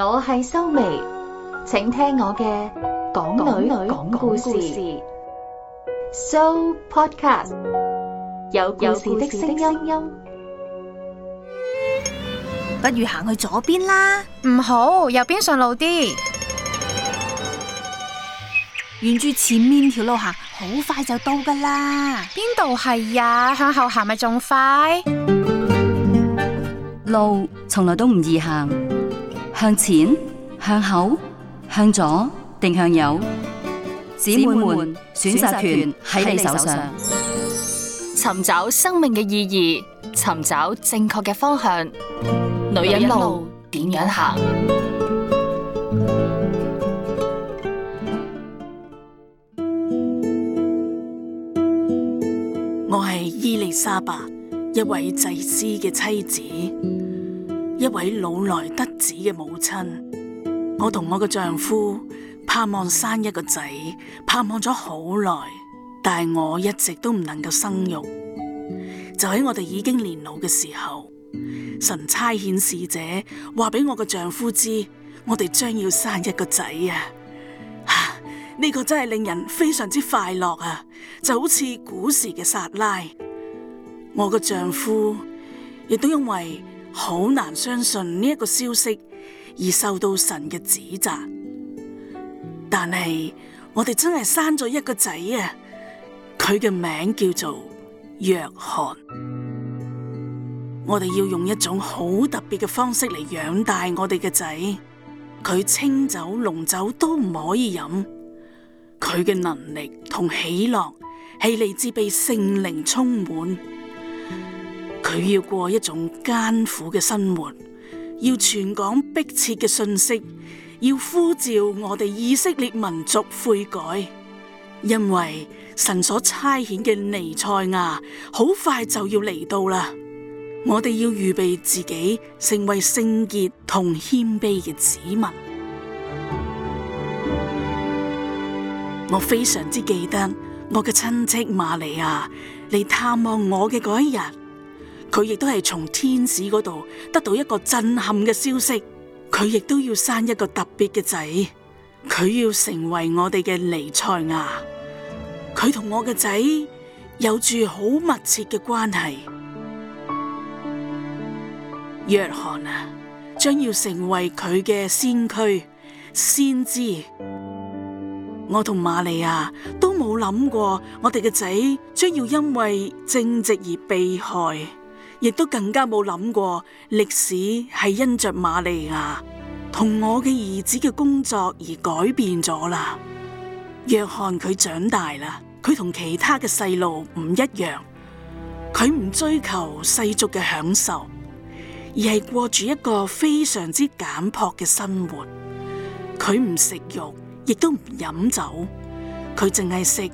我係修眉，請聽我嘅港女女講故事，講故事，So Podcast 有故事的聲音，音，不如行去左邊啦。唔好，右邊順路啲，沿住前面條路行，好快就到㗎喇。邊度係呀？向後行咪仲快？路從來都唔易行。向前、向後、向左定向右，姊妹們選擇權喺你手上。尋找生命嘅意義，尋找正確嘅方向。女人一路點樣行？我係伊麗莎白，一位祭司嘅妻子。一位老來得子嘅母親，我同我嘅丈夫盼望生一個仔，盼望咗好耐，但係我一直都唔能夠生育。就喺我哋已經年老嘅時候，神差遣使者話俾我嘅丈夫知，我哋將要生一個仔啊！呢個真係令人非常之快樂啊！就好似古時嘅撒拉，我嘅丈夫亦都因為。好難相信呢一個消息，而受到神嘅指責，但係我哋真係生咗一個仔啊！佢嘅名叫做約翰。我哋要用一種好特別嘅方式嚟養大我哋嘅仔。佢清酒、濃酒，都唔可以飲。佢嘅能力同喜樂係嚟自被聖靈充滿。佢要過一種艱苦嘅生活，要傳講迫切嘅信息，要呼召我哋以色列民族悔改，因為神所差遣嘅尼賽亞好快就要嚟到啦。我哋要預備自己成為聖潔同謙卑嘅子民。我非常之記得我嘅親戚瑪利亞嚟探望我嘅嗰一日。佢亦都係從天使嗰度得到一個震撼嘅消息，佢亦都要生一個特別嘅仔，佢要成為我哋嘅尼賽亞，佢同我嘅仔有住好密切嘅關係。約翰啊，將要成為佢嘅先驅、先知。我同瑪利亞都冇諗過，我哋嘅仔將要因為正直而被害。亦都更加冇諗過歷史係因着瑪利亞同我嘅兒子嘅工作而改變咗啦。約翰佢長大啦，佢同其他嘅細路唔一樣，佢唔追求世俗嘅享受，而係過住一個非常之簡樸嘅生活。佢唔食肉，亦都唔飲酒，佢淨係食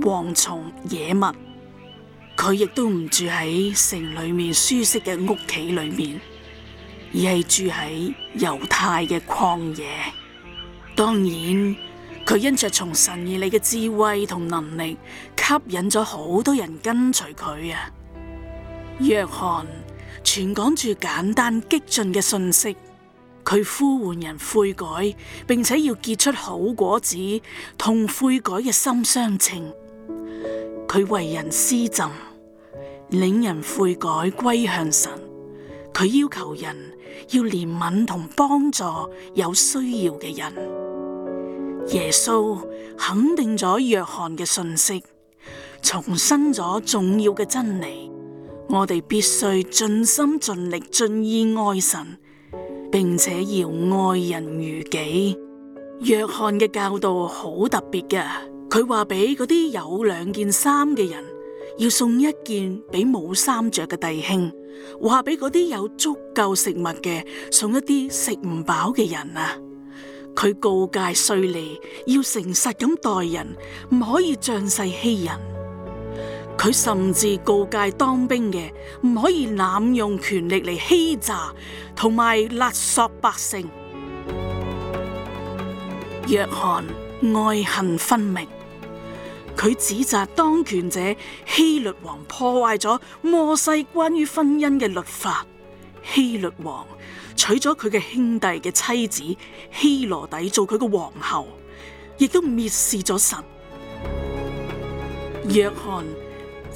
蝗蟲野物。佢亦都唔住喺城裏面舒適嘅屋企裏面，而係住喺猶太嘅曠野。當然，佢因着從神而嚟嘅智慧同能力，吸引咗好多人跟隨佢啊。約翰傳講住簡單激進嘅信息，佢呼喚人悔改，並且要結出好果子，同悔改嘅心相稱。佢為人施浸，領人悔改歸向神。佢要求人要憐憫同幫助有需要嘅人。耶穌肯定咗約翰嘅信息，重申咗重要嘅真理。我哋必須盡心盡力盡意愛神，並且要愛人如己。約翰嘅教導好特別㗎。佢話俾嗰啲有兩件衫嘅人，要送一件俾冇衫着嘅弟兄；話俾嗰啲有足夠食物嘅，送一啲食唔飽嘅人啊！佢告誡稅吏要誠實咁待人，唔可以仗勢欺人。佢甚至告誡當兵嘅，唔可以濫用權力嚟欺詐，同埋勒索百姓。約翰愛恨分明。佢指責當權者希律王破壞咗摩西關於婚姻嘅律法。希律王娶咗佢嘅兄弟嘅妻子希羅底做佢個皇后，亦都蔑視咗神。約翰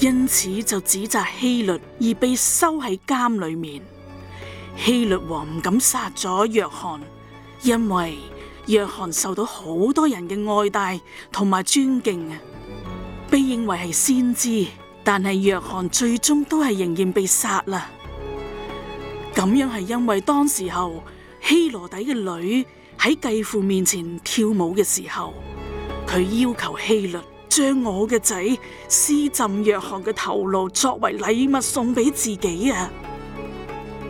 因此就指責希律，而被收喺監裏面。希律王唔敢殺咗約翰，因為約翰受到好多人嘅愛戴同埋尊敬被認為係先知，但係約翰最終都係仍然被殺啦。咁樣係因為當時候希羅底嘅女喺繼父面前跳舞嘅時候，佢要求希律將我嘅仔施浸約翰嘅頭顱作為禮物送俾自己啊！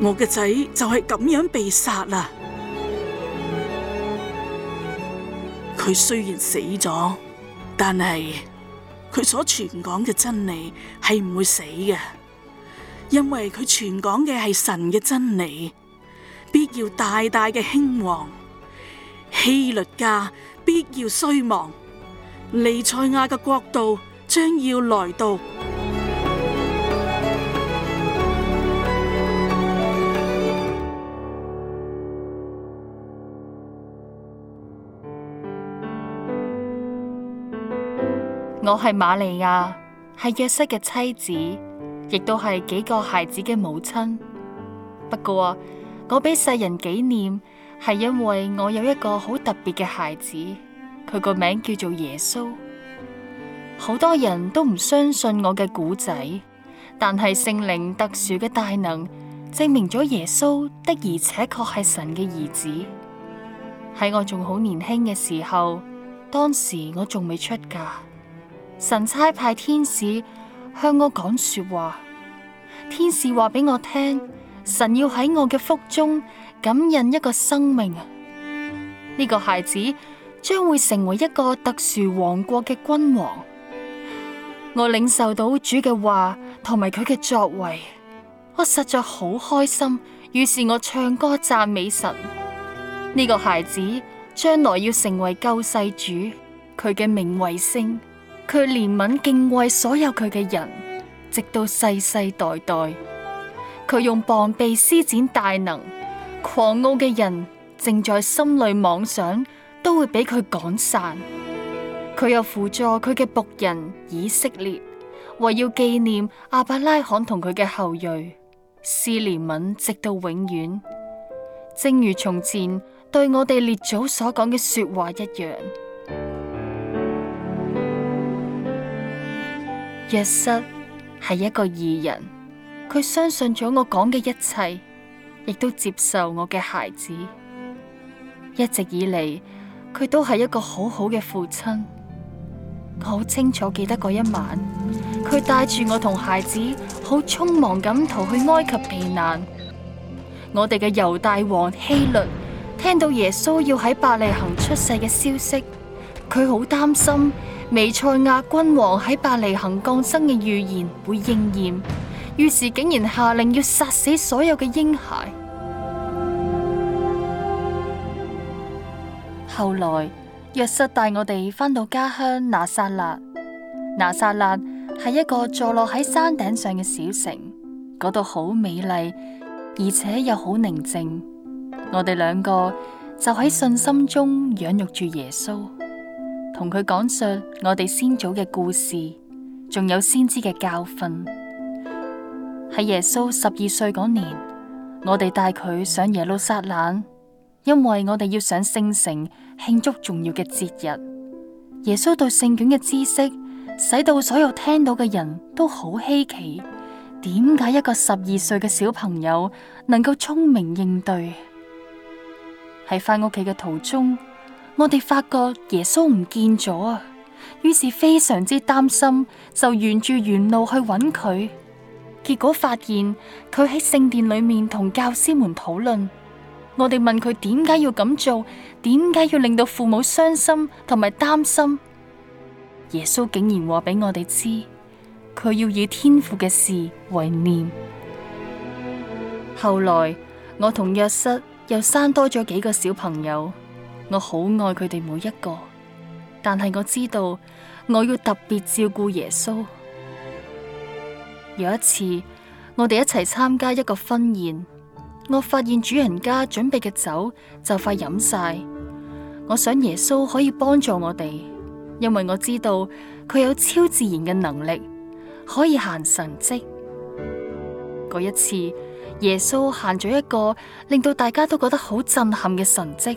我嘅仔就係咁樣被殺啦。佢雖然死咗，但係。佢所傳講嘅真理係唔會死嘅，因為佢傳講嘅係神嘅真理，必要大大嘅興旺。希律家必要衰亡，彌賽亞嘅國度將要來到。我係瑪利亞，係約瑟嘅妻子，亦都係幾個孩子嘅母親。不過，我俾世人紀念，係因為我有一個好特別嘅孩子，佢個名叫做耶穌。好多人都唔相信我嘅古仔，但係聖靈特殊嘅大能證明咗耶穌的而且確係神嘅兒子。喺我仲好年輕嘅時候，當時我仲未出嫁。神差派天使向我講說話，天使話俾我聽，神要喺我嘅腹中感恩一個生命啊！呢個孩子將會成為一個特殊王國嘅君王。我領受到主嘅話同埋佢嘅作為，我實在好開心。於是我唱歌讚美神。呢個孩子將來要成為救世主，佢嘅名為星。佢憐憫敬畏所有佢嘅人，直到世世代代。佢用膀臂施展大能，狂傲嘅人正在心裏妄想，都會俾佢趕散。佢又扶助佢嘅僕人以色列，為要紀念亞伯拉罕同佢嘅後裔，施憐憫直到永遠，正如從前對我哋列祖所講嘅說話一樣。約瑟係一個義人，佢相信咗我講嘅一切，亦都接受我嘅孩子。一直以嚟，佢都係一個好好嘅父親。我好清楚記得嗰一晚，佢帶住我同孩子好匆忙咁逃去埃及避難。我哋嘅猶大王希律聽到耶穌要喺伯利恆出世嘅消息，佢好擔心。彌賽亞君王喺伯利恆降生嘅預言會應驗，於是竟然下令要殺死所有嘅嬰孩。後來約瑟帶我哋返到家鄉拿撒勒。拿撒勒係一個坐落喺山頂上嘅小城，嗰度好美麗，而且又好寧靜。我哋兩個就喺信心中養育住耶穌，同佢講述我哋先祖嘅故事，仲有先知嘅教訓。喺耶穌十二歲嗰年，我哋帶佢上耶路撒冷，因為我哋要上聖城慶祝重要嘅節日。耶穌對聖卷嘅知識，使到所有聽到嘅人都好稀奇。點解一個十二歲嘅小朋友能夠聰明應對？喺返屋企嘅途中，我哋發覺耶穌唔見咗啊，於是非常之擔心，就沿住原路去揾佢。結果發現佢喺聖殿裏面同教師們討論。我哋問佢點解要咁做，點解要令到父母傷心同埋擔心。耶穌竟然話俾我哋知，佢要以天父嘅事為念。後來我同約瑟又生多咗幾個小朋友。我好愛佢哋每一個，但係我知道我要特別照顧耶穌。有一次，我哋一齊參加一個婚宴，我發現主人家準備嘅酒就快飲晒。我想耶穌可以幫助我哋，因為我知道佢有超自然嘅能力，可以行神跡。嗰一次，耶穌行咗一個令到大家都覺得好震撼嘅神跡。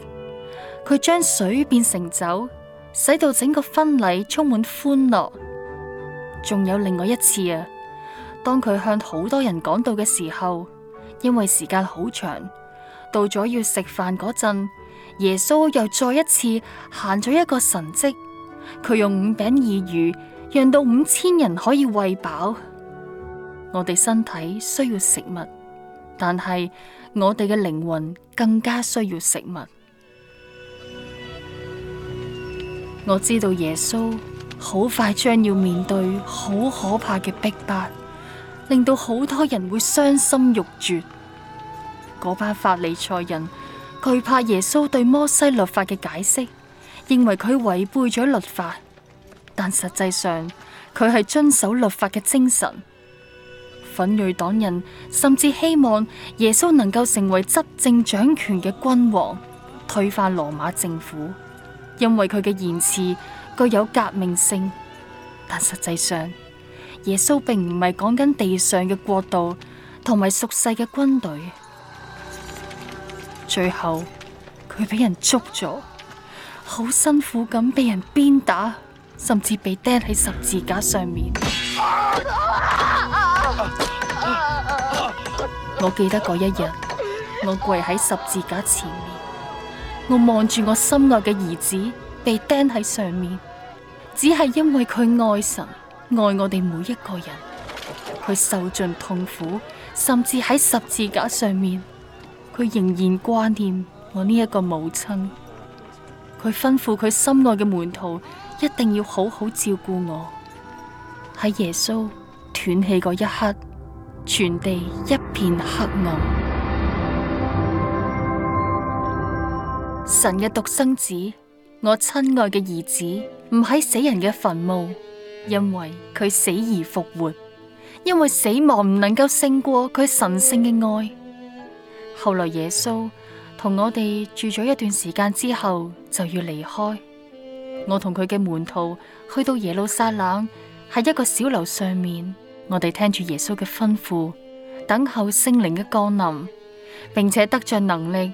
佢將水變成酒，使到整個婚禮充滿歡樂。仲有另外一次啊，當佢向好多人講道嘅時候，因為時間好長，到咗要食飯嗰陣，耶穌又再一次行咗一個神蹟，佢用五餅二魚，讓到五千人可以喂飽。我哋身體需要食物，但係我哋嘅靈魂更加需要食物。我知道耶穌好快將要面對好可怕嘅逼迫，令到好多人會傷心欲絕。嗰班法利賽人懼怕耶穌對摩西律法嘅解釋，認為佢違背咗律法，但實際上佢係遵守律法嘅精神。粉蕊黨人甚至希望耶穌能夠成為執政掌權嘅君王，推翻羅馬政府。因為佢嘅言辭具有革命性，但實際上耶穌並唔係講緊地上嘅國度同埋屬世嘅軍隊。最後佢俾人捉咗，好辛苦咁俾人鞭打，甚至被釘喺十字架上面。啊啊啊、我記得嗰一日，我跪喺十字架前面。我望住我心愛嘅兒子被釘喺上面，只係因為佢愛神，愛我哋每一個人。佢受盡痛苦，甚至喺十字架上面，佢仍然掛念我呢一個母親。佢吩咐佢心愛嘅門徒一定要好好照顧我。喺耶穌斷氣嗰一刻，全地一片黑暗。神嘅獨生子，我親愛嘅兒子，唔喺死人嘅墳墓，因為佢死而復活，因為死亡唔能夠勝過佢神聖嘅愛。後來耶穌同我哋住咗一段時間之後，就要離開。我同佢嘅門徒去到耶路撒冷，喺一個小樓上面，我哋聽住耶穌嘅吩咐，等候聖靈嘅降臨，並且得着能力。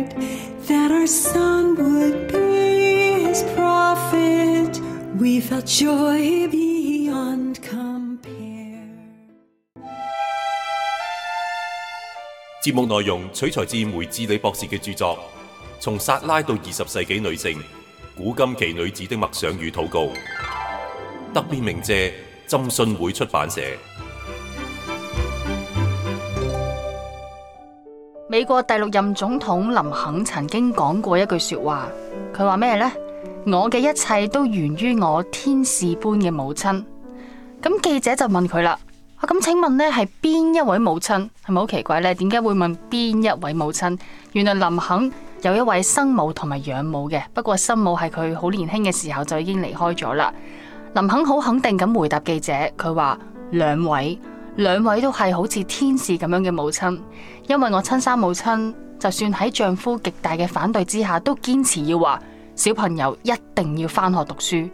節目內容取材自梅智里博士嘅著作《從撒拉到二十世紀女性：古今奇女子的默想與禱告》名，特別鳴謝浸信會出版社。美國第六任總統林肯曾經講過一句說話，佢話咩呢？我嘅一切都源於我天使般嘅母親。咁、嗯、記者就問佢啦，啊咁請問呢係邊一位母親？係咪好奇怪呢？點解會問邊一位母親？原來林肯有一位生母同埋養母嘅，不過生母係佢好年輕嘅時候就已經離開咗啦。林肯好肯定咁回答記者，佢話兩位。兩位都係好似天使咁樣嘅母親，因為我親生母親就算喺丈夫極大嘅反對之下，都堅持要話小朋友一定要返學讀書。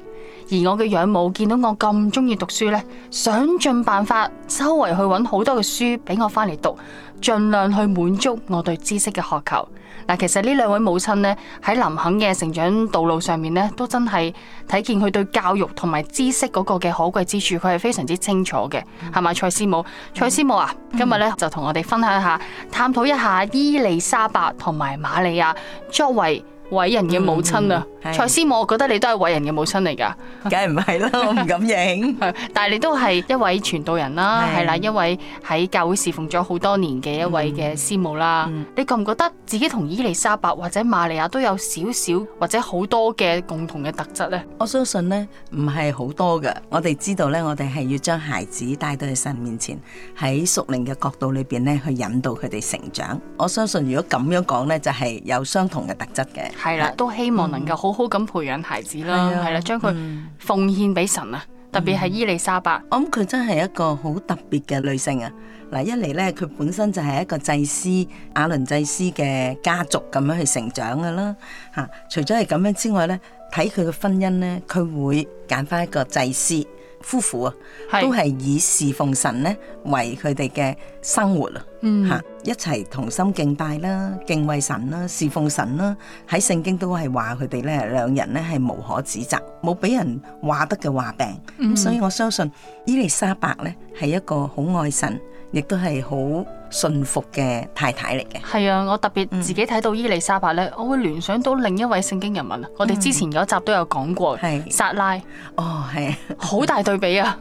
而我嘅養母見到我咁中意讀書呢，想盡辦法周圍去揾好多嘅書俾我翻嚟讀，盡量去滿足我對知識嘅渴求。嗱，其實呢兩位母親呢，喺林肯嘅成長道路上面呢，都真係睇見佢對教育同埋知識嗰個嘅可貴之處，佢係非常之清楚嘅，係咪、嗯？蔡師母，蔡師母啊，嗯、今日呢，就同我哋分享一下，探討一下伊麗莎白同埋瑪利亞作為。偉人嘅母親啊，蔡師母，我覺得你都係偉人嘅母親嚟噶，梗係唔係我唔敢認。 但係你都係一位傳道人啦、啊，係是啦，一位喺教會侍奉咗好多年嘅一位嘅師母啦、啊。嗯嗯、你覺唔覺得自己同伊麗莎白或者瑪利亞都有少少或者好多嘅共同嘅特質呢？我相信呢，唔係好多噶。我哋知道呢，我哋係要將孩子帶到去神面前，喺屬靈嘅角度裏邊呢去引導佢哋成長。我相信如果咁樣講呢，就係有相同嘅特質嘅。係啦，都希望能夠好好咁培養孩子啦，係啦、嗯，將佢的奉獻俾神啊！嗯、特別係伊麗莎白，我諗佢真係一個好特別嘅女性啊！嗱，一嚟咧，佢本身就係一個祭司亞倫祭司嘅家族咁樣去成長噶啦吓，除咗係咁樣之外咧，睇佢嘅婚姻咧，佢會揀翻一個祭司。夫婦啊，都係以侍奉神咧為佢哋嘅生活啊，吓、嗯、一齊同心敬拜啦、敬畏神啦、侍奉神啦。喺聖經都係話佢哋咧兩人咧係無可指責，冇俾人話得嘅話柄。嗯、所以我相信伊麗莎白咧係一個好愛神，亦都係好。信服嘅太太嚟嘅，係啊！我特別自己睇到伊麗莎白咧，我會聯想到另一位聖經人物啊！我哋之前有集都有講過，撒拉。哦係，好大對比啊，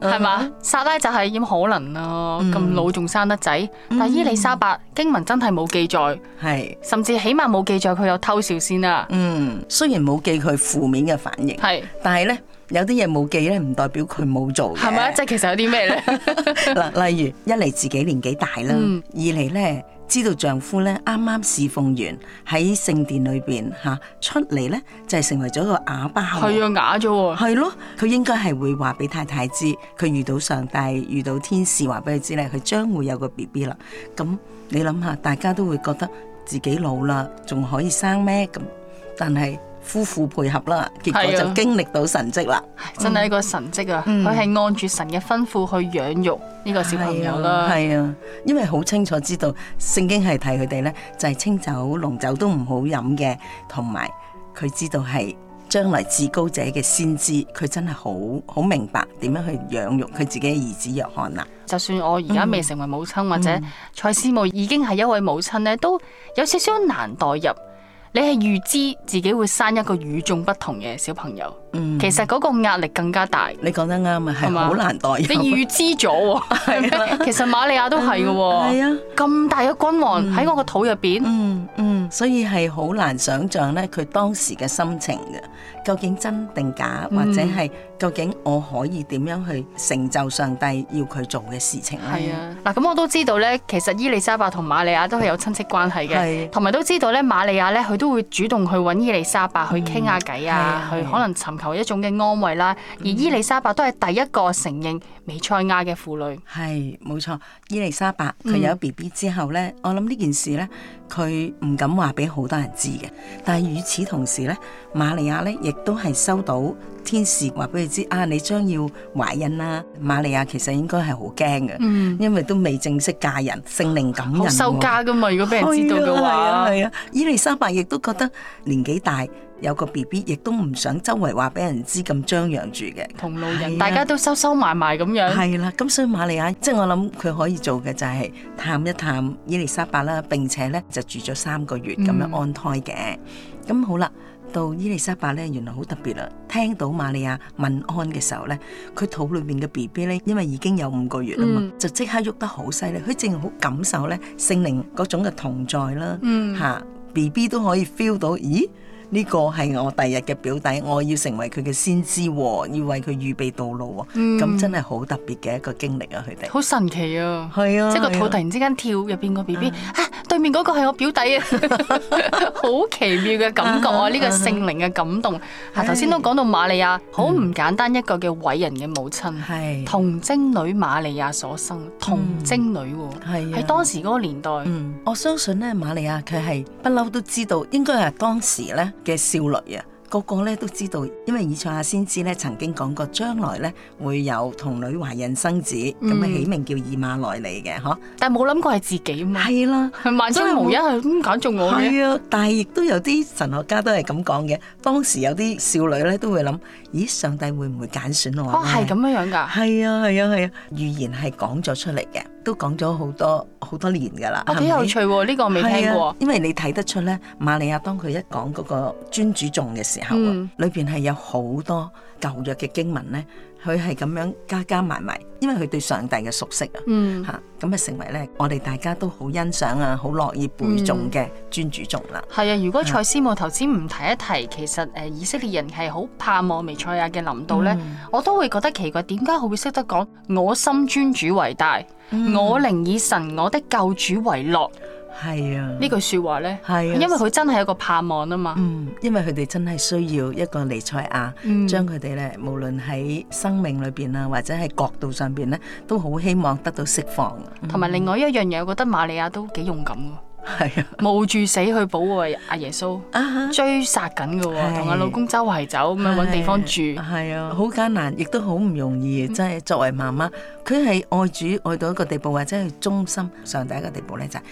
係嘛？撒拉就係咁可能啦，咁老仲生得仔，但係伊麗莎白經文真係冇記載，係，甚至起碼冇記載佢有偷笑先啦。嗯，雖然冇記佢負面嘅反應，係，但係咧。有啲嘢冇記咧，唔代表佢冇做嘅。係咪？即係其實有啲咩咧？嗱 例如一嚟自己年紀大啦，嗯、二嚟咧知道丈夫咧啱啱侍奉完喺聖殿裏邊吓，出嚟咧，就係、是、成為咗個啞巴。係啊，啞咗喎。係咯，佢應該係會話俾太太知，佢遇到上帝，遇到天使，話俾佢知咧，佢將會有個 BB 啦。咁你諗下，大家都會覺得自己老啦，仲可以生咩咁？但係。夫婦配合啦，結果就經歷到神蹟啦。啊嗯、真係一個神蹟啊！佢係、嗯、按住神嘅吩咐去養育呢個小朋友啦、啊。係啊，啊，因為好清楚知道聖經係提佢哋咧，就係、是、清酒、濃酒都唔好飲嘅，同埋佢知道係將來至高者嘅先知，佢真係好好明白點樣去養育佢自己嘅兒子約翰啊！就算我而家未成為母親，嗯、或者蔡師母已經係一位母親咧，都有少少難代入。你係預知自己會生一個與眾不同嘅小朋友，嗯、其實嗰個壓力更加大。你講得啱啊，係好難代。你預知咗，係 其實瑪利亞都係嘅喎。咁、嗯啊、大嘅君王喺、嗯、我個肚入邊、嗯。嗯所以係好難想象咧，佢當時嘅心情嘅，究竟真定假，或者係究竟我可以點樣去成就上帝要佢做嘅事情咧？係啊，嗱咁我都知道咧，其實伊麗莎白同瑪利亞都係有親戚關係嘅，同埋的都知道咧，瑪利亞咧佢都會主動去揾伊麗莎白去傾下偈啊，去、嗯啊啊、可能尋求一種嘅安慰啦、啊。而伊麗莎白都係第一個承認美塞亞嘅婦女。係，冇錯。伊麗莎白佢有 B B 之後呢，嗯、我諗呢件事呢。佢唔敢話俾好多人知嘅，但係與此同時咧，瑪利亞咧亦都係收到天使話俾佢知啊，你將要懷孕啦、啊。瑪利亞其實應該係好驚嘅，嗯、因為都未正式嫁人，性靈感人、啊，好羞家噶嘛。如果俾人知道嘅話，係啊係啊，啊，啊。伊麗莎白亦都覺得年紀大。有個 B B，亦都唔想周圍話俾人知咁張揚住嘅，同路人、啊、大家都收收埋埋咁樣。係啦、啊，咁所以瑪利亞即係我諗佢可以做嘅就係探一探伊麗莎白啦，並且咧就住咗三個月咁樣安胎嘅。咁、嗯、好啦，到伊麗莎白咧原來好特別啦，聽到瑪利亞問安嘅時候咧，佢肚裏面嘅 B B 咧，因為已經有五個月啦嘛，嗯、就即刻喐得好犀利，佢正好感受咧聖靈嗰種嘅同在啦，嚇 B B 都可以 feel 到，咦？呢個係我第日嘅表弟，我要成為佢嘅先知喎，要為佢預備道路喎，咁真係好特別嘅一個經歷啊！佢哋好神奇啊，係啊，即係個肚突然之間跳入邊個 B B 啊，對面嗰個係我表弟啊，好奇妙嘅感覺啊！呢個聖靈嘅感動啊，頭先都講到瑪利亞，好唔簡單一個嘅偉人嘅母親，童貞女瑪利亞所生，童貞女喎，喺當時嗰個年代，我相信咧瑪利亞佢係不嬲都知道，應該係當時咧。嘅少女啊，個個咧都知道，因為以賽亞先知咧曾經講過，將來咧會有童女懷孕生子，咁咧、嗯、起名叫以馬內利嘅，嗬、嗯。但係冇諗過係自己嘛。係啦的，萬中無一係揀中我嘅。係啊，但係亦都有啲神學家都係咁講嘅。當時有啲少女咧都會諗。咦，上帝會唔會揀選我？哦，係咁樣樣㗎。係啊，係啊，係啊，預、啊、言係講咗出嚟嘅，都講咗好多好多年㗎啦。啊、哦，幾有趣喎！呢、呢個我未聽過、啊。因為你睇得出咧，瑪利亞當佢一講嗰個尊主頌嘅時候啊，裏邊係有好多舊約嘅經文咧。佢係咁樣加加埋埋，因為佢對上帝嘅熟悉、嗯、啊，嚇咁啊成為咧我哋大家都好欣賞啊，好樂意背誦嘅尊主眾。啦。係、嗯、啊，如果蔡思務頭先唔提一提，其實誒、啊、以色列人係好盼望梅賽亞嘅臨到咧，嗯、我都會覺得奇怪，點解佢會識得講我心尊主為大，嗯、我靈以神我的救主為樂。係啊！呢句説話咧，係因為佢真係一個盼望啊嘛。嗯，因為佢哋真係需要一個尼賽亞，將佢哋咧無論喺生命裏邊啊，或者喺角度上邊咧，都好希望得到釋放。同埋另外一樣嘢，我覺得瑪利亞都幾勇敢㗎。係啊，冒住死去保護阿耶穌，追殺緊㗎喎，同阿老公周圍走，咁樣揾地方住。係啊，好艱難，亦都好唔容易。真係作為媽媽，佢係愛主愛到一個地步，或者係忠心上帝一個地步咧，就係。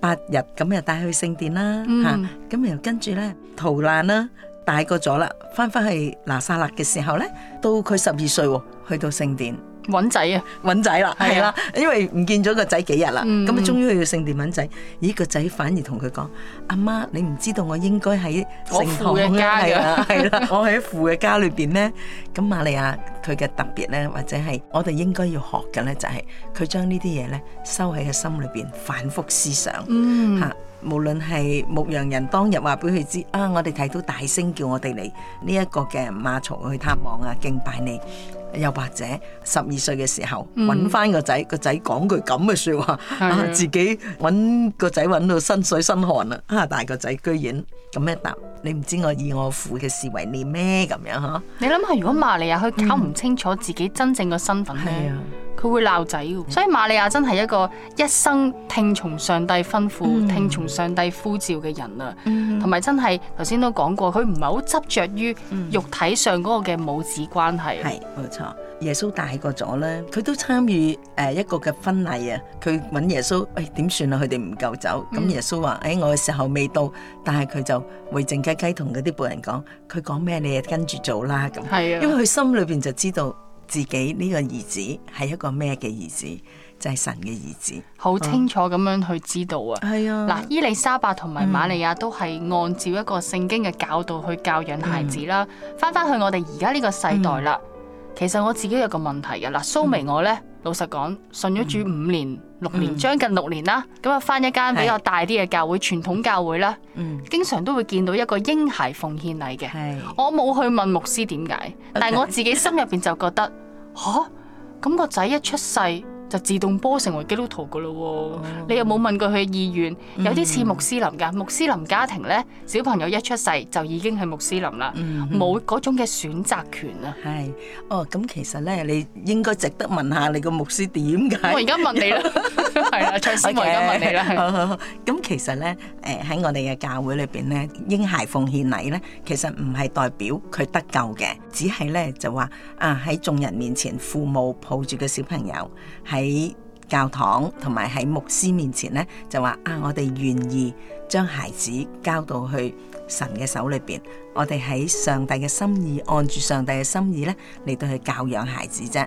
八日咁又帶去聖殿啦嚇，咁又跟住咧逃難啦，大個咗啦，翻返去拿撒勒嘅時候咧，到佢十二歲去到聖殿。揾仔啊，揾仔啦，係啦，的的因為唔見咗個仔幾日啦，咁啊、嗯、終於去聖殿揾仔，咦，個仔反而同佢講：阿媽，你唔知道我應該喺聖堂，嘅家的。的」係啦， 我喺父嘅家裏邊咧。咁瑪利亞佢嘅特別咧，或者係我哋應該要學嘅咧，就係佢將呢啲嘢咧收喺個心裏邊，反覆思想嚇。嗯無論係牧羊人當日話俾佢知啊，我哋睇到大聲叫我哋嚟呢一個嘅馬槽去探望啊，敬拜你。又或者十二歲嘅時候揾翻個仔，個仔講句咁嘅説話、嗯啊、自己揾個仔揾到身水身汗啊。啊，但係個仔居然咁樣答，你唔知我以我父嘅事為念咩咁樣嚇？你諗下，如果馬利亞佢搞唔清楚自己真正嘅身份咧、嗯？的佢會鬧仔噶，嗯、所以瑪利亞真係一個一生聽從上帝吩咐、嗯、聽從上帝呼召嘅人啊，同埋、嗯、真係頭先都講過，佢唔係好執着於肉體上嗰個嘅母子關係。係冇錯，耶穌大個咗咧，佢都參與誒一個嘅婚禮啊。佢問耶穌，誒點算啊？佢哋唔夠酒，咁耶穌話：誒、哎、我嘅時候未到，但係佢就會靜雞雞同嗰啲伴人講，佢講咩你就跟住做啦咁。係啊，因為佢心裏邊就知道。自己呢個兒子係一個咩嘅兒子？就係、是、神嘅兒子，好清楚咁樣去知道啊！嗱、啊，伊麗、啊、莎白同埋瑪利亞都係按照一個聖經嘅教導去教養孩子啦。翻翻去我哋而家呢個世代啦，嗯、其實我自己有個問題嘅嗱，蘇眉、嗯、我呢。老實講，信咗主五年、六年、將、mm hmm. 近六年啦，咁啊，翻一間比較大啲嘅教會，傳、mm hmm. 統教會啦，mm hmm. 經常都會見到一個嬰孩奉獻禮嘅。Mm hmm. 我冇去問牧師點解，Okay. 但係我自己心入邊就覺得吓咁個仔一出世。就自動波成為基督徒噶咯喎！你有冇問過佢嘅意願？有啲似穆斯林㗎，穆斯林家庭咧，小朋友一出世就已經係穆斯林啦，冇嗰種嘅選擇權啊！係哦，咁其實咧，你應該值得問下你個牧師點解。我而家問你啦，係啦，再次我而家問你啦。咁其實咧，誒喺我哋嘅教會裏邊咧，嬰孩奉獻禮咧，其實唔係代表佢得救嘅，只係咧就話啊喺眾人面前，父母抱住嘅小朋友係。喺教堂同埋喺牧師面前咧，就話啊，我哋願意將孩子交到去。神嘅手裏邊，我哋喺上帝嘅心意，按住上帝嘅心意咧，嚟到去教養孩子啫。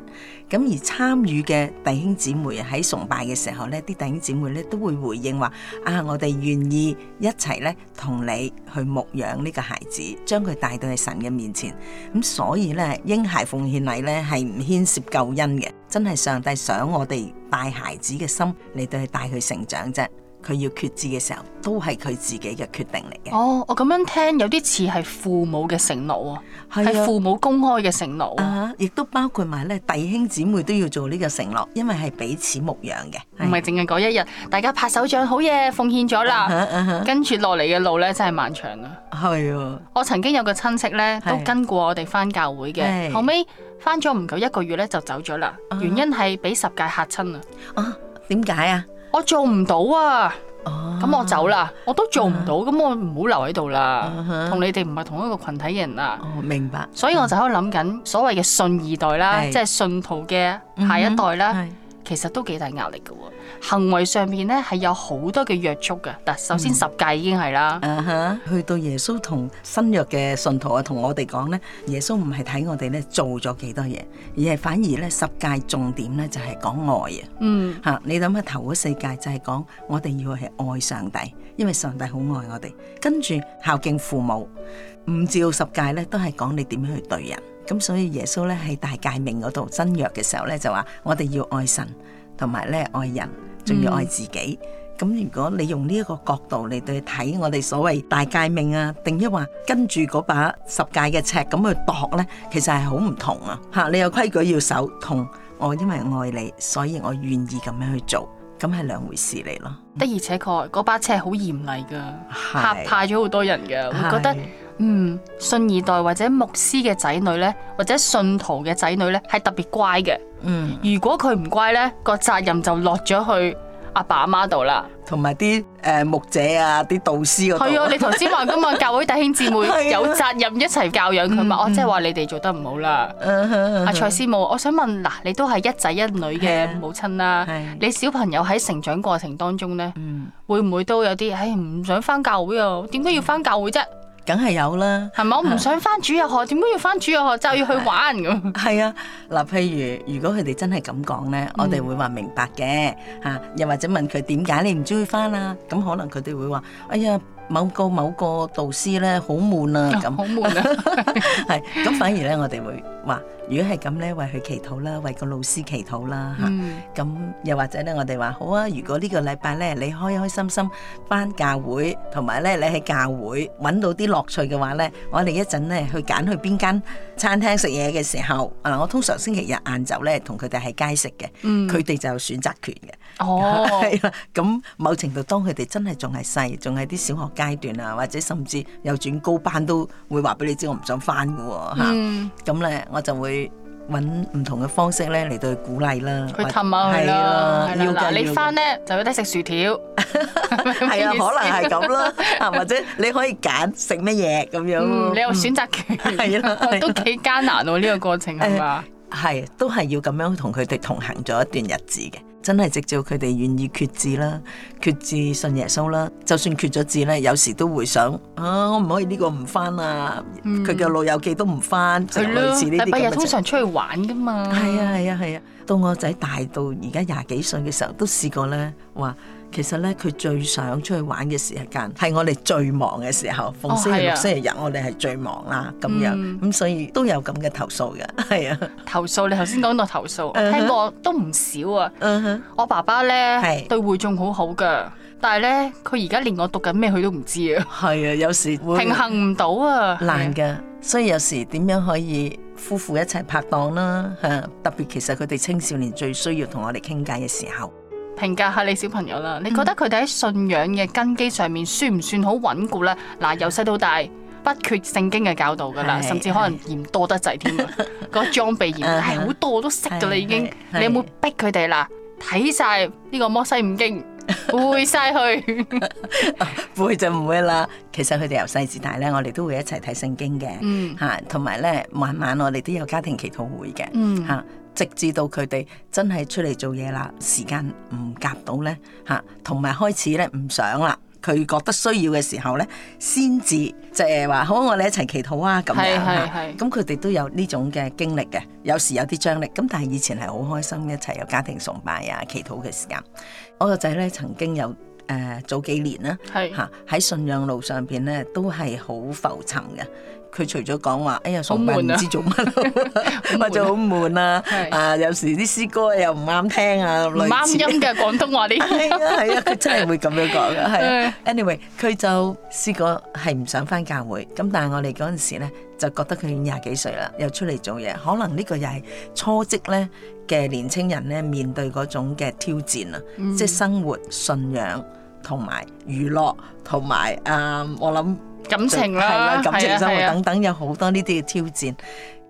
咁而參與嘅弟兄姊妹喺崇拜嘅時候呢啲弟兄姊妹都會回應話：啊，我哋願意一齊咧，同你去牧養呢個孩子，將佢帶到去神嘅面前。咁所以咧，嬰孩奉獻禮咧係唔牽涉救恩嘅，真係上帝想我哋帶孩子嘅心嚟到去帶佢成長啫。佢要決志嘅時候，都係佢自己嘅決定嚟嘅。哦，我咁樣聽，有啲似係父母嘅承諾喎，係、啊、父母公開嘅承諾，亦都包括埋咧弟兄姊妹都要做呢個承諾，因為係彼此牧養嘅。唔係淨係嗰一日，大家拍手掌好嘢，奉獻咗啦，啊啊啊、跟住落嚟嘅路咧真係漫長啊。係喎、啊，我曾經有個親戚咧，都跟過我哋返教會嘅，啊、後尾返咗唔夠一個月咧就走咗啦，原因係俾十戒嚇親啦。啊，點解啊？我做唔到啊！咁、哦、我走啦，我都做唔到，咁、啊、我唔好留喺度啦。同、啊、你哋唔係同一個群體嘅人啊！哦，明白。所以我就喺度諗緊所謂嘅信二代啦，嗯、即係信徒嘅下一代啦。嗯嗯嗯其實都幾大壓力嘅喎，行為上面咧係有好多嘅約束嘅。但首先十戒已經係啦、嗯啊，去到耶穌同新約嘅信徒啊，同我哋講咧，耶穌唔係睇我哋咧做咗幾多嘢，而係反而咧十戒重點咧就係講愛嘅。嗯，嚇、啊、你諗下頭嗰四戒就係講我哋要係愛上帝，因為上帝好愛我哋，跟住孝敬父母，五至十戒咧都係講你點樣去對人。咁所以耶穌咧喺大誡命嗰度真約嘅時候咧就話：我哋要愛神，同埋咧愛人，仲要愛自己。咁、嗯、如果你用呢一個角度嚟對睇我哋所謂大誡命啊，定抑或跟住嗰把十誡嘅尺咁去度咧，其實係好唔同啊！嚇，你有規矩要守，同我因為愛你，所以我願意咁樣去做，咁係兩回事嚟咯。的而且確嗰把尺好嚴厲㗎，嚇怕咗好多人㗎，我覺得。嗯，信二代或者牧師嘅仔女呢，或者信徒嘅仔女呢，係特別乖嘅？ 梗係有啦，係咪？我唔想返主日學，點解、啊、要返主日學就要去玩咁？係啊，嗱、啊，譬如如果佢哋真係咁講咧，嗯、我哋會話明白嘅嚇、啊，又或者問佢點解你唔中意返啊？咁、啊、可能佢哋會話：哎呀，某個某個導師咧好悶啊咁，好悶啊！係咁，反而咧我哋會話。如果係咁咧，為佢祈禱啦，為個老師祈禱啦嚇。咁、嗯啊、又或者咧，我哋話好啊，如果呢個禮拜咧，你開開心心翻教會，同埋咧你喺教會揾到啲樂趣嘅話咧，我哋一陣咧去揀去邊間餐廳食嘢嘅時候，啊，我通常星期日晏晝咧同佢哋喺街食嘅，佢哋、嗯、就有選擇權嘅、哦啊嗯。哦、 嗯，係啦。咁某程度當佢哋真係仲係細，仲係啲小學階段啊，或者甚至又轉高班都會話俾你知我唔想翻嘅喎嚇。咁、啊、咧、啊啊啊嗯、我就會。揾唔同嘅方式咧嚟到去鼓勵啦，去氹下佢啦。嗱，你翻咧就有得食薯條，係啊，可能係咁咯，或者你可以揀食乜嘢咁樣，你有選擇權，係啦，都幾艱難喎呢個過程係嘛？係，都係要咁樣同佢哋同行咗一段日子嘅。真係藉助佢哋願意決志啦，決志信耶穌啦。就算決咗志咧，有時都會想啊，我唔可以呢個唔返啊，佢嘅老友記都唔返，就的類似呢啲咁嘅嘢。禮拜日通常出去玩嘅嘛。係啊係啊係啊，到我仔大到而家廿幾歲嘅時候，都試過咧話。其實咧，佢最想出去玩嘅時間，係我哋最忙嘅時候。逢星期六、星期、哦啊、日，我哋係最忙啦。咁樣，咁、嗯、所以都有咁嘅投訴嘅，係啊。投訴，你頭先講到投訴，uh huh. 我聽過都唔少啊。Uh huh. 我爸爸咧是對會眾好好噶，但係咧，佢而家連我讀緊咩，佢都唔知啊。係啊，有時會平衡唔到啊，難噶的。啊、所以有時點樣可以夫婦一齊拍檔啦、啊啊？特別其實佢哋青少年最需要同我哋傾偈嘅時候。評價下你小朋友啦，你覺得佢哋喺信仰嘅根基上面算唔算好穩固咧？嗱，由細到大不缺聖經嘅教導噶啦，甚至可能嫌多得滯添，個裝備嫌係好多都識噶啦已經。你有冇逼佢哋嗱睇曬呢個摩西五經背曬去？背就唔會啦。其實佢哋由細至大咧，我哋都會一齊睇聖經嘅嚇，同埋咧晚晚我哋都有家庭祈禱會嘅嚇。直至到佢哋真係出嚟做嘢啦，時間唔夾到咧嚇，同埋開始咧唔想啦，佢覺得需要嘅時候咧，先至就係話好，我哋一齊祈禱啊咁樣嚇。咁佢哋都有呢種嘅經歷嘅，有時有啲張力，咁但係以前係好開心一齊有家庭崇拜啊、祈禱嘅時間。我個仔咧曾經有誒、呃、早幾年啦，係嚇喺信仰路上面咧都係好浮沉嘅。佢除咗講話，哎呀，我唔知做乜，或者好悶啊！啊，有時啲詩歌又唔啱聽啊，唔啱音嘅廣東話啲。係啊，係啊，佢真係會咁樣講嘅。係，anyway，佢就試過係唔想返教會。咁但係我哋嗰陣時咧，就覺得佢已經廿幾歲啦，又出嚟做嘢，可能呢個又係初職咧嘅年青人咧面對嗰種嘅挑戰啦，即係生活、信仰同埋娛樂同埋啊，我諗。感情啦、啊，感情生活、啊啊、等等有好多呢啲嘅挑戰。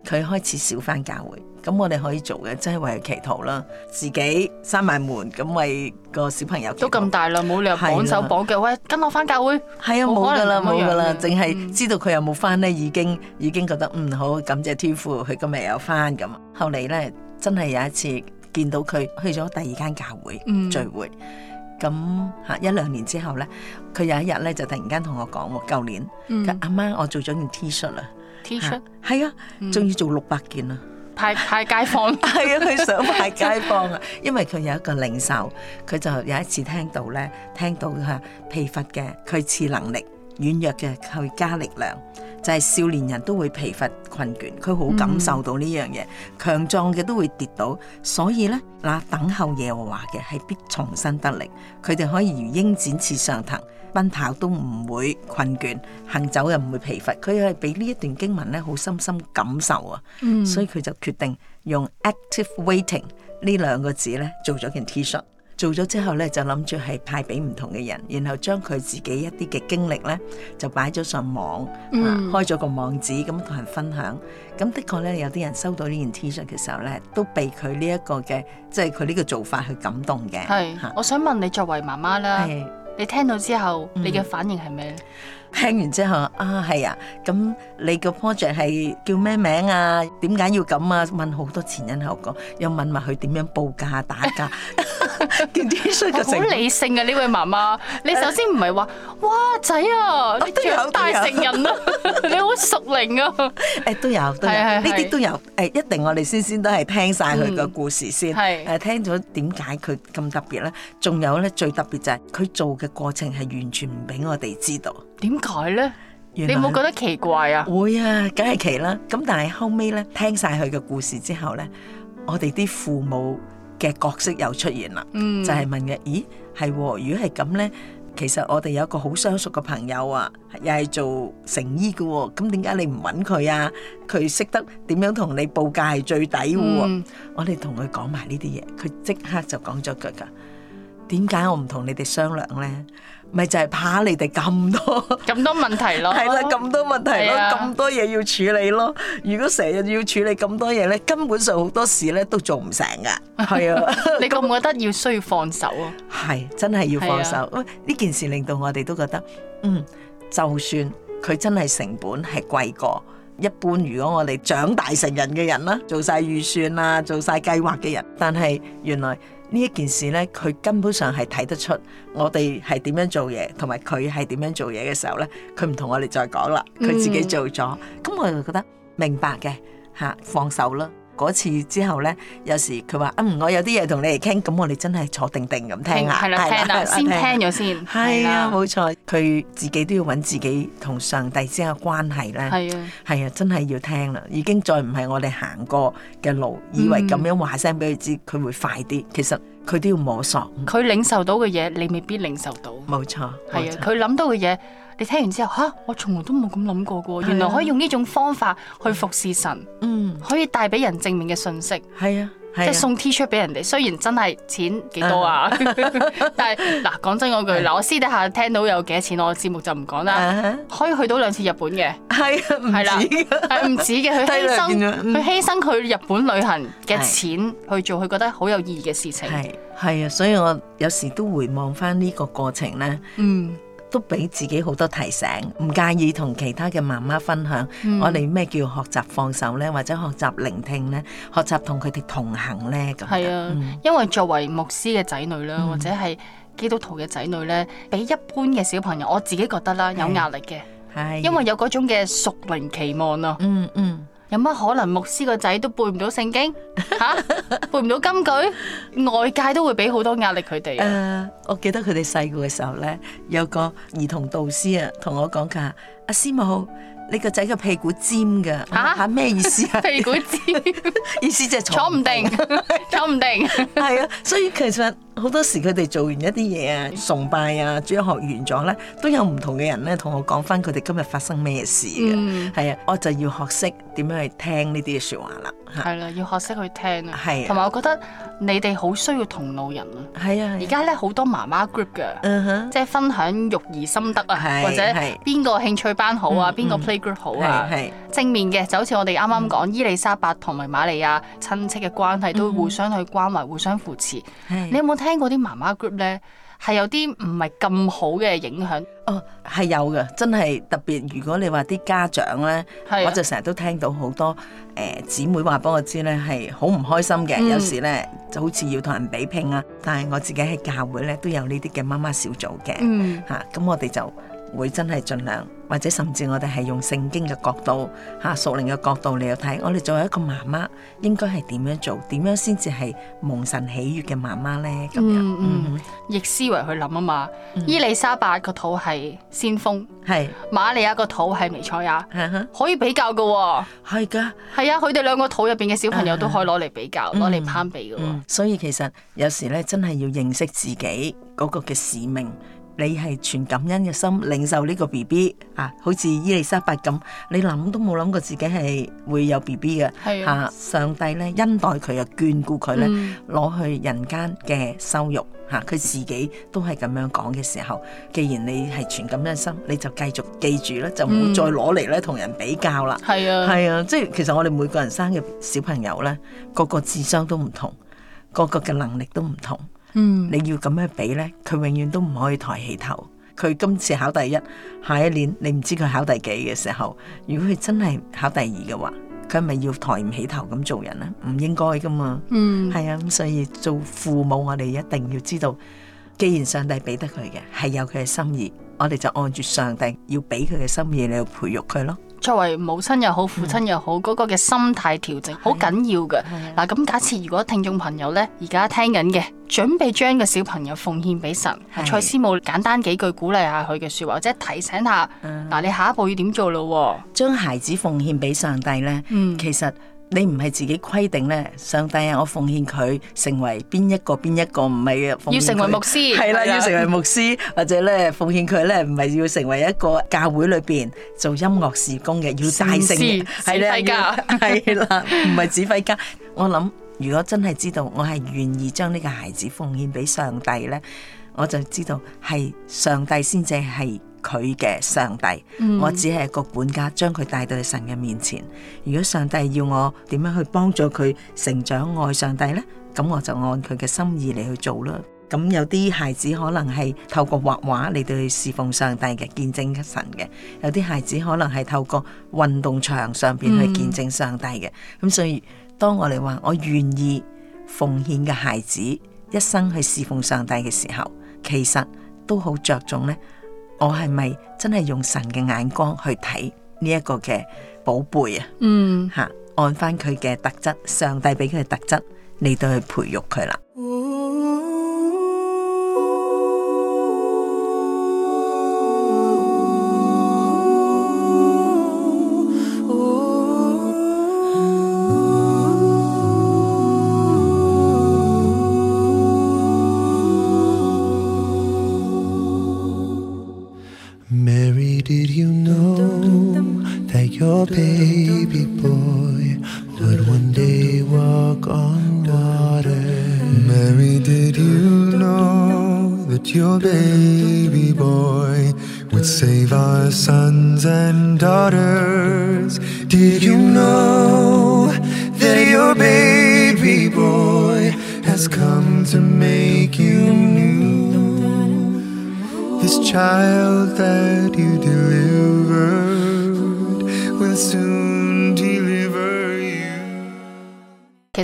佢開始少翻教會。咁我哋可以做嘅，即、就、係、是、為佢祈禱啦。自己閂埋門，咁為個小朋友都咁大啦，冇理由綁手綁腳。啊、喂，跟我翻教會，係啊，冇噶啦，冇噶啦，淨係知道佢有冇翻咧，已經已經覺得嗯好感謝天父，佢今日有翻咁。後嚟咧，真係有一次見到佢去咗第二間教會聚會。嗯咁嚇一兩年之後咧，佢有一日咧就突然間同我講喎，舊年阿、嗯、媽，媽我做咗件 T 恤啦，T 恤係啊，仲要、啊嗯、做六百件啦，派派街坊，係 啊，佢想派街坊啊，因為佢有一個零售，佢就有一次聽到咧，聽到嚇疲乏嘅佢賜能力軟弱嘅佢加力量。就係少年人都會疲乏困倦，佢好感受到呢樣嘢，強壯嘅都會跌倒，所以咧嗱，等候耶和華嘅係必重新得力，佢哋可以如鷹展翅上騰，奔跑都唔會困倦，行走又唔會疲乏，佢係俾呢一段經文咧好深深感受啊，嗯、所以佢就決定用 active waiting 呢兩個字咧做咗件 T 恤。做咗之後咧，就諗住係派俾唔同嘅人，然後將佢自己一啲嘅經歷咧，就擺咗上網，嗯啊、開咗個網址咁同人分享。咁的確咧，有啲人收到呢件 T 恤嘅時候咧，都被佢呢一個嘅即係佢呢個做法去感動嘅。係，我想問你作為媽媽啦，是你聽到之後你嘅反應係咩咧？嗯聽完之後啊，係啊，咁你個 project 係叫咩名啊？點解要咁啊？問好多前因後果，又問埋佢點樣報價打價，好理性啊！呢位媽媽，你首先唔係話哇仔啊，你都養大成人，你好熟齡啊？誒都有都有呢啲都有誒，一定我哋先先都係聽曬佢個故事先係誒，聽咗點解佢咁特別咧？仲有咧最特別就係佢做嘅過程係完全唔俾我哋知道。點解咧？你有冇覺得奇怪啊？會啊，梗係奇啦。咁但係後尾咧，聽曬佢嘅故事之後咧，我哋啲父母嘅角色又出現啦。嗯，就係問佢，咦係？如果係咁咧，其實我哋有一個好相熟嘅朋友啊，又係做成醫嘅喎。咁點解你唔揾佢啊？佢識得點樣同你報價係最抵嘅喎。我哋同佢講埋呢啲嘢，佢即刻就講咗句㗎。點解我唔同你哋商量咧？咪就係怕你哋咁多咁多問題咯，係啦，咁多問題咯，咁多嘢要處理咯。如果成日要處理咁多嘢咧，根本上好多事咧都做唔成噶。係啊，你覺唔覺得要需要放手啊？係真係要放手。喂，呢件事令到我哋都覺得，嗯，就算佢真係成本係貴過一般，如果我哋長大成人嘅人啦，做晒預算啊，做晒計劃嘅人，但係原來。呢一件事咧，佢根本上係睇得出我哋係點樣做嘢，同埋佢係點樣做嘢嘅時候咧，佢唔同我哋再講啦，佢、嗯、自己做咗，咁我就覺得明白嘅嚇，放手啦。嗰次之後咧，有時佢話：啊，我有啲嘢同你嚟傾，咁我哋真係坐定定咁聽下，係啦，聽啦，先聽咗先。係啊，冇錯。佢自己都要揾自己同上帝之間嘅關係咧。係啊，係啊，真係要聽啦。已經再唔係我哋行過嘅路，以為咁樣話聲俾佢知，佢會快啲。其實佢都要摸索，佢領受到嘅嘢，你未必領受到。冇錯，係啊，佢諗到嘅嘢。你聽完之後，吓，我從來都冇咁諗過噶，原來可以用呢種方法去服侍神，可以帶俾人正面嘅信息。係啊，即係送 T 恤俾人哋。雖然真係錢幾多啊，但係嗱，講真嗰句，嗱，我私底下聽到有幾多錢，我節目就唔講啦。可以去到兩次日本嘅，係啊，係啦，係唔止嘅，佢犧牲，佢犧牲佢日本旅行嘅錢去做佢覺得好有意義嘅事情。係係啊，所以我有時都回望翻呢個過程咧。嗯。都俾自己好多提醒，唔介意同其他嘅媽媽分享，我哋咩叫學習放手呢？或者學習聆聽呢？學習同佢哋同行呢？咁樣。係啊，嗯、因為作為牧師嘅仔女啦，嗯、或者係基督徒嘅仔女呢，比一般嘅小朋友，我自己覺得啦，有壓力嘅，係因為有嗰種嘅屬靈期望囉。嗯、啊、嗯。嗯有乜可能牧師個仔都背唔到聖經吓，啊、 背唔到金句，外界都會俾好多壓力佢哋。誒，我記得佢哋細個嘅時候咧，有個兒童導師啊，同我講架，阿、啊、師母，你個仔個屁股尖噶，吓咩、啊啊、意思啊？ 屁股尖 意思就係坐唔定， 定，坐唔定。係 啊，所以其實。好多時佢哋做完一啲嘢啊、崇拜啊、主日學完咗咧，都有唔同嘅人咧同我講返佢哋今日發生咩事嘅，係啊，我就要學識點樣去聽呢啲嘅説話啦。係啦，要學識去聽啊。係。同埋我覺得你哋好需要同路人啊。係啊。而家咧好多媽媽 group 㗎，即係分享育兒心得啊，或者邊個興趣班好啊，邊個 playgroup 好啊，正面嘅就好似我哋啱啱講伊麗莎白同埋瑪利亞親戚嘅關係，都互相去關懷、互相扶持。你有冇聽過啲媽媽 group 咧，係有啲唔係咁好嘅影響。哦，係有嘅，真係特別。如果你話啲家長咧，啊、我就成日都聽到好多誒姊、呃、妹話俾我知咧，係好唔開心嘅。嗯、有時咧，就好似要同人比拼啊。但係我自己喺教會咧都有呢啲嘅媽媽小組嘅，吓咁、嗯啊、我哋就。會真係盡量，或者甚至我哋係用聖經嘅角度，吓屬靈嘅角度嚟去睇，我哋作為一個媽媽，應該係點樣做，點樣先至係蒙神喜悅嘅媽媽呢？咁樣，嗯嗯嗯、逆思維去諗啊嘛。伊麗莎白個肚係先鋒，係、嗯、瑪利亞個肚係彌賽亞，是可以比較噶。係噶的，係啊，佢哋兩個肚入邊嘅小朋友都可以攞嚟比較，攞嚟、啊嗯、攀比噶、嗯。所以其實有時咧，真係要認識自己嗰個嘅使命。你係全感恩嘅心領受呢個 B B 啊，好似伊麗莎白咁，你諗都冇諗過自己係會有 B B 嘅嚇。上帝咧恩待佢啊，眷顧佢咧，攞去人間嘅羞辱嚇。佢自己都係咁樣講嘅時候，既然你係全感恩嘅心，你就繼續記住啦，就唔好再攞嚟咧同人比較啦。係啊，係啊，即係其實我哋每個人生嘅小朋友咧，個個智商都唔同，個個嘅能力都唔同。嗯，你要咁樣俾咧，佢永遠都唔可以抬起頭。佢今次考第一，下一年你唔知佢考第幾嘅時候，如果佢真係考第二嘅話，佢係咪要抬唔起頭咁做人啊？唔應該噶嘛。嗯，係啊，咁所以做父母，我哋一定要知道，既然上帝俾得佢嘅係有佢嘅心意，我哋就按住上帝要俾佢嘅心意嚟培育佢咯。作為母親又好，父親又好，嗰、嗯、個嘅心態調整好緊要噶。嗱，咁假設如果聽眾朋友咧而家聽緊嘅。準備將個小朋友奉獻俾神，蔡師母簡單幾句鼓勵下佢嘅說話，或者提醒下嗱、啊、你下一步要點做咯、啊。將孩子奉獻俾上帝咧，其實你唔係自己規定咧，上帝啊，我奉獻佢成為邊一個邊一個，唔係要成為牧師，係啦，要成為牧師或者咧奉獻佢咧，唔係要成為一個教會裏邊做音樂事工嘅，要大聖人，係啦，係啦，唔係指揮家，我諗。如果真係知道我係願意將呢個孩子奉獻俾上帝咧，我就知道係上帝先至係佢嘅上帝，嗯、我只係一個管家將佢帶到去神嘅面前。如果上帝要我點樣去幫助佢成長愛上帝咧，咁我就按佢嘅心意嚟去做啦。咁有啲孩子可能係透過畫畫嚟到去侍奉上帝嘅、見證神嘅，有啲孩子可能係透過運動場上邊去見證上帝嘅，咁、嗯、所以。當我哋話我願意奉獻嘅孩子一生去侍奉上帝嘅時候，其實都好着重咧，我係咪真係用神嘅眼光去睇呢一個嘅寶貝啊？嗯，吓按翻佢嘅特質，上帝俾佢嘅特質，你都去培育佢啦。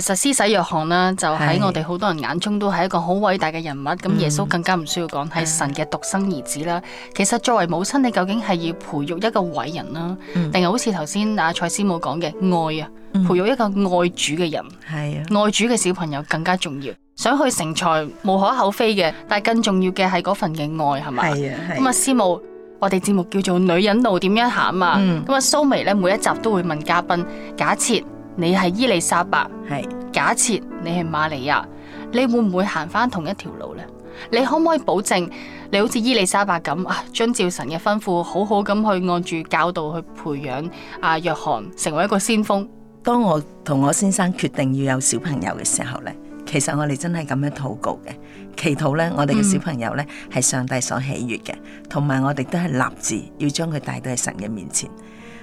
其實施洗約翰啦，就喺我哋好多人眼中都係一個好偉大嘅人物。咁的、嗯、耶穌更加唔需要講，係神嘅獨生兒子啦。其實作為母親，你究竟係要培育一個偉人啦，定係好似頭先阿蔡師母講嘅愛啊？培育一個愛主嘅人，係啊，愛主嘅小朋友更加重要。想去成才無可厚非嘅，但係更重要嘅係嗰份嘅愛，係咪？係啊。咁啊，師母，我哋節目叫做女人路點樣行啊？咁啊，蘇眉咧，每一集都會問嘉賓，假設。你係伊麗莎白，係是假設你係瑪利亞，你會唔會行翻同一條路呢？你可唔可以保證你好似伊麗莎白咁啊？遵照神嘅吩咐，好好咁去按住教導去培養阿約翰成為一個先鋒。當我同我先生決定要有小朋友嘅時候呢，其實我哋真係咁樣禱告嘅，祈禱呢，我哋嘅小朋友呢係上帝所喜悅嘅，同埋、嗯、我哋都係立志要將佢帶到喺神嘅面前。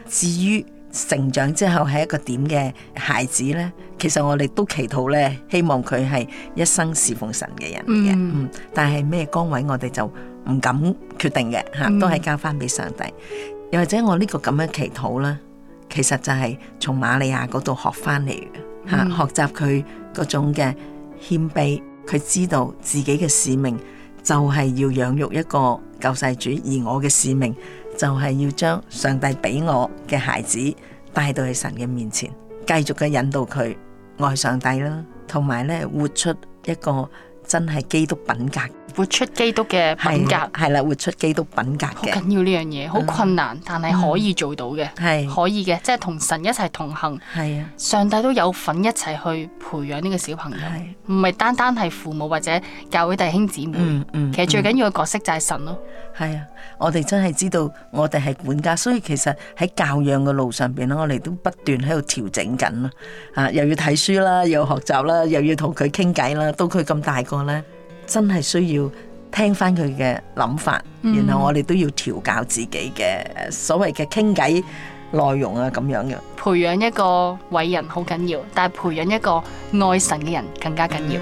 至於，成長之後係一個點嘅孩子咧，其實我哋都祈禱咧，希望佢係一生侍奉神嘅人嘅。嗯，但係咩崗位我哋就唔敢決定嘅嚇，都係交翻俾上帝。又、嗯、或者我呢個咁樣祈禱咧，其實就係從瑪利亞嗰度學翻嚟嘅嚇，嗯、學習佢嗰種嘅謙卑，佢知道自己嘅使命就係要養育一個救世主，而我嘅使命，就係要將上帝俾我嘅孩子帶到去神嘅面前，繼續嘅引導佢愛上帝啦，同埋呢活出一個。真係基督品格，活出基督嘅品格係啦，活、啊啊、出基督品格好緊要呢樣嘢，好困難，嗯、但係可以做到嘅係、啊、可以嘅，即係同神一齊同行。係啊，上帝都有份一齊去培養呢個小朋友，唔係、啊、單單係父母或者教會弟兄姊妹。嗯嗯嗯、其實最緊要嘅角色就係神咯。係啊，我哋真係知道我哋係管家，所以其實喺教養嘅路上邊咧，我哋都不斷喺度調整緊啦。啊，又要睇書啦，又要學習啦，又要同佢傾偈啦。到佢咁大個。我咧，真係需要聽翻佢嘅諗法，然後我哋都要調教自己嘅所謂嘅傾偈內容啊咁樣嘅。培養一個偉人好緊要，但係培養一個愛神嘅人更加緊要。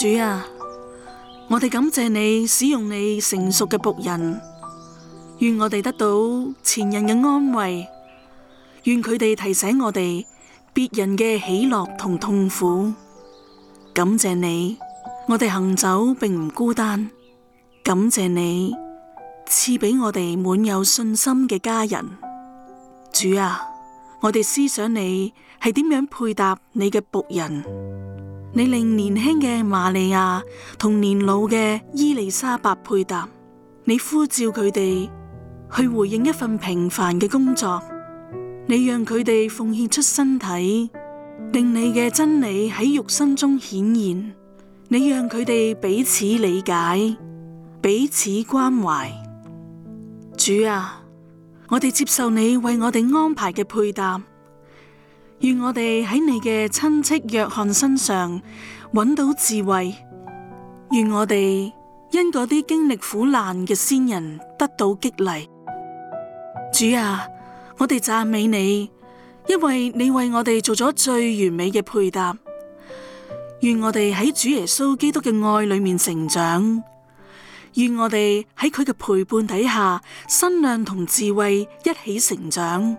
主啊，我哋感謝你使用你成熟嘅僕人，願我哋得到前人嘅安慰，願佢哋提醒我哋別人嘅喜樂同痛苦。感謝你，我哋行走並唔孤單。感謝你賜俾我哋滿有信心嘅家人。主啊，我哋思想你係點樣配搭你嘅僕人。你令年輕嘅瑪利亞同年老嘅伊麗莎白配搭，你呼召佢哋去回應一份平凡嘅工作，你讓佢哋奉獻出身體，令你嘅真理喺肉身中顯現，你讓佢哋彼此理解、彼此關懷。主啊，我哋接受你為我哋安排嘅配搭。願我哋喺你嘅親戚約翰身上搵到智慧；願我哋因嗰啲經歷苦難嘅先人得到激勵。主啊，我哋讚美你，因為你為我哋做咗最完美嘅配搭。願我哋喺主耶穌基督嘅愛裏面成長；願我哋喺佢嘅陪伴底下，身量同智慧一起成長。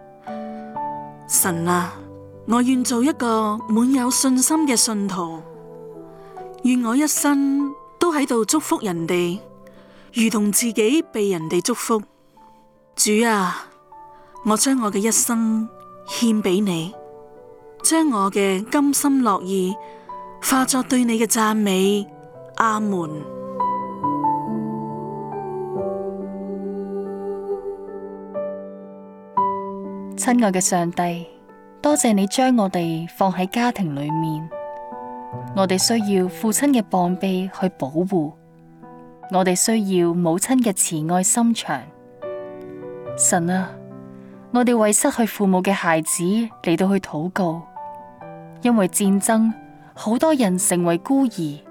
神啊！我願做一個滿有信心嘅信徒，願我一生都喺度祝福人哋，如同自己被人哋祝福。主啊，我將我嘅一生獻俾你，將我嘅甘心樂意化作對你嘅讚美。阿門。親愛嘅上帝。多謝你將我哋放喺家庭裏面，我哋需要父親嘅膀臂去保護，我哋需要母親嘅慈愛心腸。神啊，我哋為失去父母嘅孩子嚟到去禱告，因為戰爭好多人成為孤兒，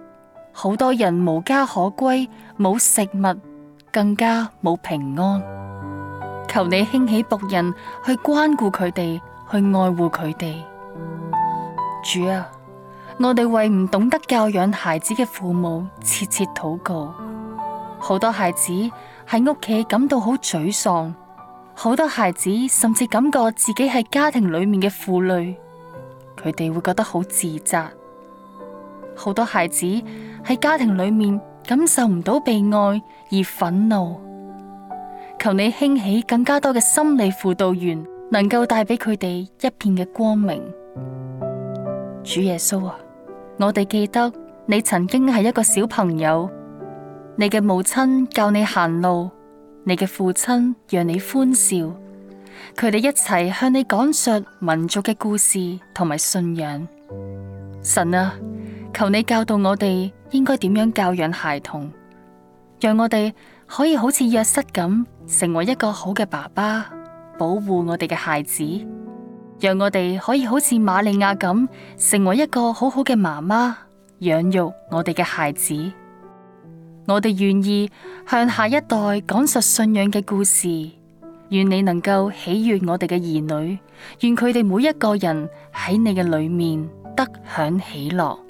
好多人無家可歸，冇食物，更加冇平安。求你興起僕人去關顧佢哋。去愛護佢哋，主啊，我哋為唔懂得教養孩子嘅父母切切禱告。好多孩子喺屋企感到好沮喪，好多孩子甚至感覺自己係家庭裏面嘅負累，佢哋會覺得好自責。好多孩子喺家庭裏面感受唔到被愛而憤怒，求你興起更加多嘅心理輔導員。能夠帶俾佢哋一片嘅光明，主耶穌啊，我哋記得你曾經係一個小朋友，你嘅母親教你行路，你嘅父親讓你歡笑，佢哋一齊向你講述民族嘅故事同埋信仰。神啊，求你教導我哋應該點樣教養孩童，讓我哋可以好似約瑟咁成為一個好嘅爸爸。保護我哋嘅孩子，讓我哋可以好似瑪利亞咁成為一個好好嘅媽媽，養育我哋嘅孩子。我哋願意向下一代講述信仰嘅故事。願你能夠喜悦我哋嘅兒女，願佢哋每一個人喺你嘅裏面得享喜樂。